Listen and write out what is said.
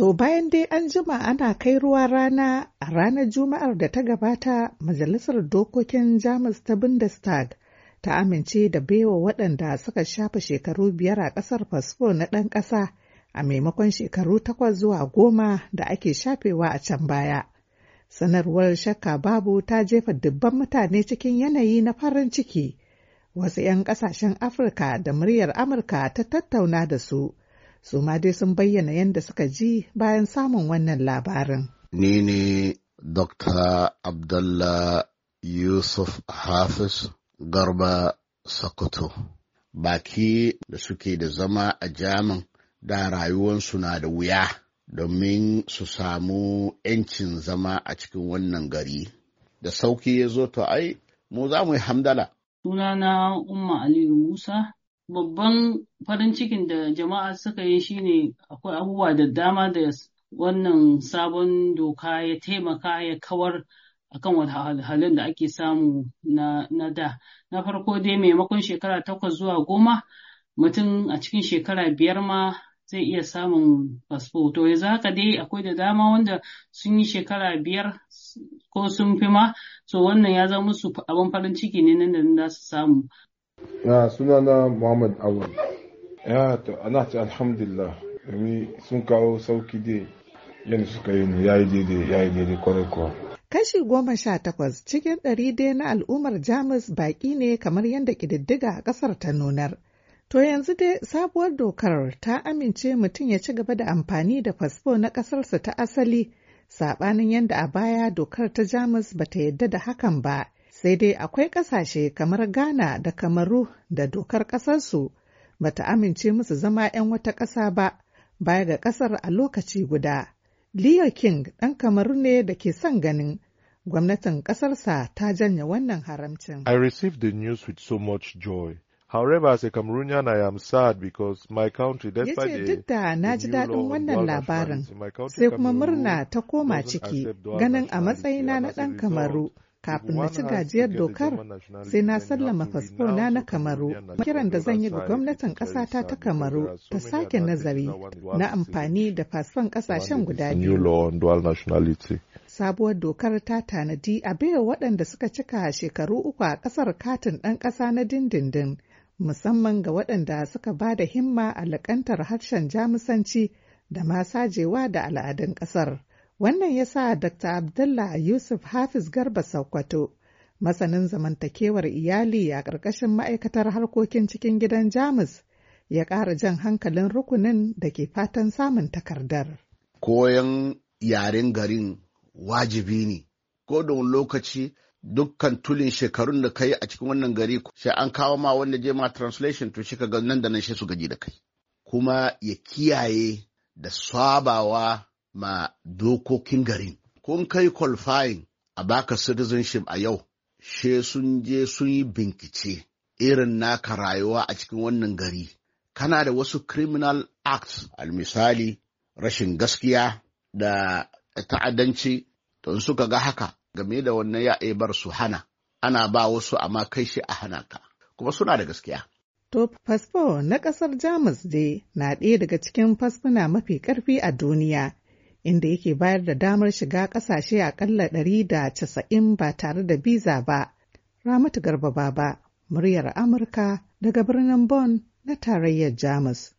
To bayan dai an jima ana kai ruwa rana a ranar Juma'ar da ta gabata Majalisar Dokokin Jamus ta Bundestag ta amince da baiwa waɗanda suka shafa shekaru biyar a ƙasar fasfo na ɗan ƙasa a maimakon shekaru takwas zuwa goma da ake shafewa a can baya. Sanarwar shakka babu ta jefa dubban mutane cikin yanayi na farin ciki. Wasu 'yan ƙasashen Afirka da muryar Amurka ta tattauna da su. su ma dai sun bayyana yadda suka ji bayan samun wannan labarin. Ni ne Dr. Abdullah Yusuf Hafiz Garba Sokoto. Baki da suke da zama a jamin da rayuwansu na da wuya domin su samu 'yancin zama a cikin wannan gari. Da sauki ya zo to ai, mu za mu yi hamdala. Sunana Umma Aliyu Musa, babban farin cikin da jama'a suka yi shine akwai abubuwa da dama da wannan sabon doka ya taimaka ya kawar akan wahalhalun da ake samu na, da na farko dai maimakon shekara takwas zuwa goma mutum a cikin shekara biyar ma zai iya samun fasfo to yanzu haka dai akwai da dama wanda sun yi shekara biyar ko sun fi ma to wannan ya zama musu abin farin ciki ne nan da za su samu na sunana muhammad awal ya to ana ce alhamdulillah domin sun kawo sauki dai yadda suka yi ya yi daidai ya yi daidai kwarai kuwa kashi goma sha takwas cikin ɗari dai na al'ummar jamus baƙi ne kamar yadda ƙididdiga a ƙasar ta nunar To yanzu dai sabuwar dokar ta amince mutum ya ci gaba da amfani da fasfo na ƙasarsa ta asali, saɓanin yadda a baya dokar ta Jamus ba ta yadda da hakan ba, sai dai akwai ƙasashe kamar ghana da kamaru da dokar ƙasarsu ta amince musu zama 'yan wata ƙasa ba baya ga ƙasar a lokaci guda leo king ɗan kamaru ne da ke son ganin gwamnatin ƙasarsa ta janya wannan haramcin i received the news with so much joy However, as a Cameroonian, I am sad because my country, despite the duk da na ji daɗin wannan labarin, sai kuma murna ta koma ciki ganin a matsayina na ɗan Kamaru kafin na ci gajiyar dokar sai na sallama fasfo na na kamaru kiran da zan yi ga gwamnatin ƙasata ta kamaru ta sake nazari na amfani da fasfon ƙasashen guda biyu sabuwar dokar ta tanadi a baiwa waɗanda suka cika shekaru uku a ƙasar katin ɗan ƙasa na dindindin musamman ga waɗanda suka ba da himma a laƙantar harshen jamusanci da masajewa da al'adun ƙasar. Wannan ya sa Dr. Abdullah Yusuf Hafiz Garba Sokoto, masanin zamantakewar iyali a ƙarƙashin ma'aikatar harkokin cikin gidan Jamus, ya ƙara jan hankalin rukunin da ke fatan samun takardar. Koyon yaren garin wajibi ne, ko da wani lokaci dukkan tulin shekarun da kai a cikin wannan gari sai an kawo ma wanda je ma translation to shi ka ga nan da nan shi su gaji da kai. Kuma ya kiyaye da sabawa ma dokokin garin. Kun kai kwalfayin a baka citizenship a yau, she sun je sun yi binkice irin naka rayuwa a cikin wannan gari. Kana da wasu criminal acts, almisali rashin gaskiya da ta'addanci, don suka ga haka game da wannan ya bar su hana, ana ba wasu amma kai shi a hana ka, kuma suna da gaskiya. To, fasfo na ƙasar Jamus dai na ɗaya daga cikin fasfuna mafi ƙarfi a duniya, inda yake bayar da damar shiga ƙasashe aƙalla ɗari da casa'in ba tare da biza ba. Ramatu Garba Baba, muryar Amurka daga birnin Bonn na tarayyar Jamus.